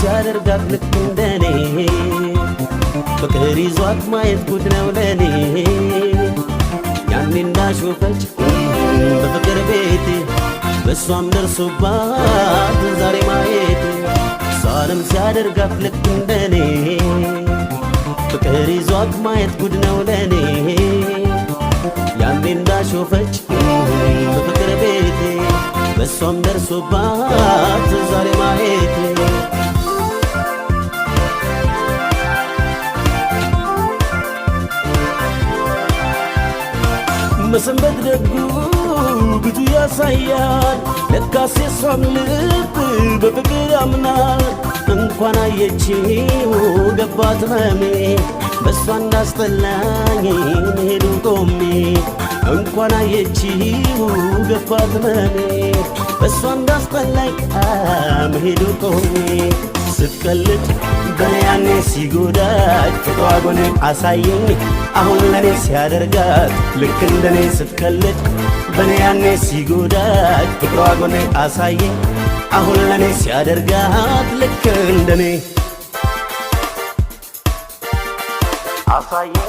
ሲያደርጋት ልክ እንደኔ ፍቅር ይዟት ማየት ጉድ ነው ለኔ ያኔ እንዳሾፈች በፍቅር ቤት በእሷም ደርሶባት ዛሬ ማየት እሷንም ሲያደርጋት ልክ እንደኔ ፍቅር ይዟት ማየት ጉድ ነው ለኔ ያኔ እንዳሾፈች በፍቅር ቤት በእሷም ደርሶባት ዛሬ ማየት መሰንበት ደጉ ብዙ ያሳያል። ለካሴ ሷም ልብ በፍቅር አምናል። እንኳን አየችው ገባት መሜ በእሷ እንዳስጠላኝ መሄዱ ቆሜ እንኳን አየችው ገባት መሜ በእሷ እንዳስጠላኝ መሄዱ ቆሜ ስትቀልድ በያኔ ሲጎዳት ተተዋጎኔ አሳየኝ አሁን ለኔ ሲያደርጋት ልክ እንደኔ ስትቀልድ በያኔ ሲጎዳት ተተዋጎኔ አሳየኝ አሁን ለኔ ሲያደርጋት ልክ እንደኔ አሳየኝ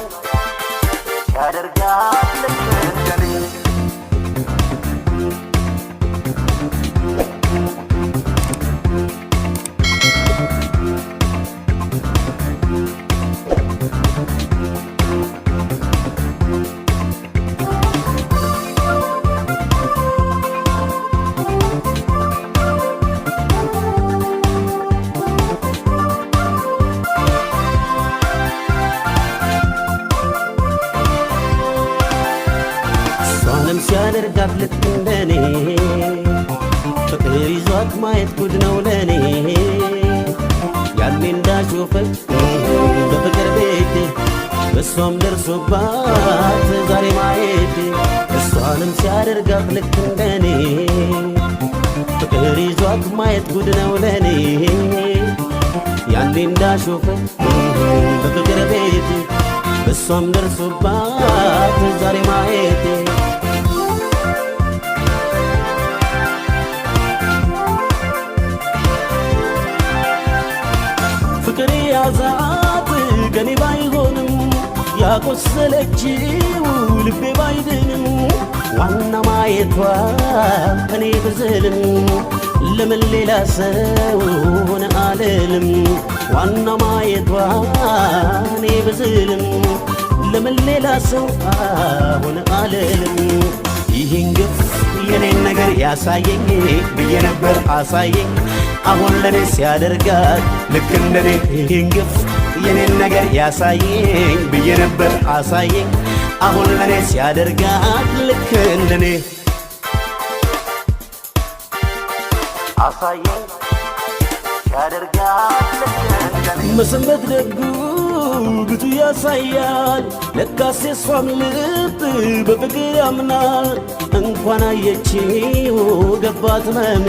ሲያደርጋት ልክ እንደኔ ሲያደርጋት ልክ እንደኔ ፍቅር ይዟት ማየት ጉድ ነው ለኔ ያኔ እንዳሾፈች በፍቅር ቤት እሷም ደርሶባት ዛሬ ማየት እሷንም ሲያደርጋት ልክ እንደኔ ፍቅር ይዟት ማየት ጉድ ነው ለኔ ያኔ እንዳሾፈች በፍቅር ቤት እሷም ደርሶባት ዛሬ ማየት ከኔ ባይሆንም ያቆሰለችው ልቤ ባይድንም ዋና ማየቷ እኔ ብዝልም ለምን ሌላ ሰው ሆነ አልልም ዋና ማየቷ እኔ ብዝልም ለምን ሌላ ሰው ሆነ አልልም ይህን ግፍ የኔን ነገር ያሳየኝ ብዬ ነበር አሳየኝ አሁን ለኔ ሲያደርጋት ልክ እንደኔ ይህን ግፍ የኔን ነገር ያሳየኝ ብዬ ነበር አሳየኝ አሁን ለእኔ ሲያደርጋት ልክ እንደኔ አሳየኝ መሰንበት ደጉ ግቱ ያሳያል ለካሴ ሷም ልብ በፍቅር ያምናል እንኳን አየችው ገባት መሜ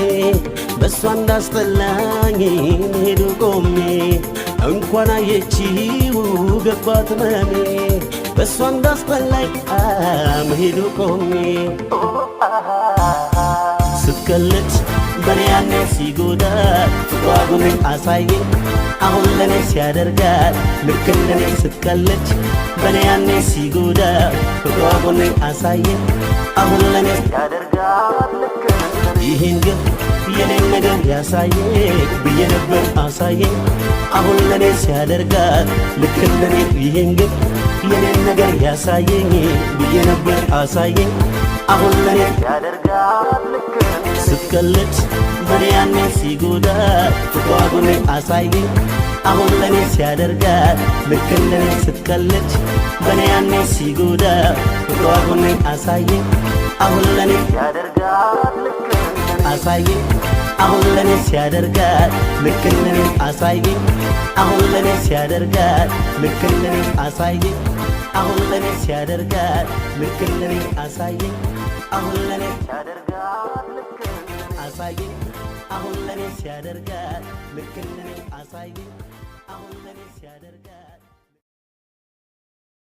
በእሷ እንዳስጠላኝ ሄዱ ቆሜ እንኳን አየችው ገባት መሜ በእሷ እንዳስጠላኝ መሄዱ ቆሜ ስትቀልድ በኔ ያኔ ሲጎዳት ዋጉንን አሳየኝ አሁን ለኔ ሲያደርጋት ልክ እንደኔ ስትቀልድ በኔ ያኔ ሲጎዳት ዋጉንን አሳየኝ አሁን ለኔ ሲያደርጋት ልክ ይህን ግብ የኔ ነገር ያሳየ ብዬ ነበር አሳየ አሁን ለኔ ሲያደርጋት ልክ ለኔ ይሄን ግን የኔን ነገር ያሳየኝ ብዬ ነበር አሳየ አሁን ለኔ ያደርጋት ስትቀልድ በኔ ያኔ ሲጎዳ ተጓጉኔ አሳየ አሁን ለኔ ሲያደርጋት ልክ ለኔ ስትቀልድ በኔ ያኔ ሲጎዳ ተጓጉኔ አሳየ አሁን ለኔ ያደርጋት ልክ አሳየ አሁን ለኔ ሲያደርጋት ልክ እንደኔ አሳየኝ አሁን ለኔ ሲያደርጋት ልክ እንደኔ አሳየኝ አሁን ለኔ ሲያደርጋት ልክ እንደኔ አሳየኝ አሁን ለኔ ሲያደርጋት ልክ እንደኔ አሳየኝ አሁን ለኔ ሲያደርጋት ልክ እንደኔ አሳየኝ አሁን ለኔ ሲያደርጋት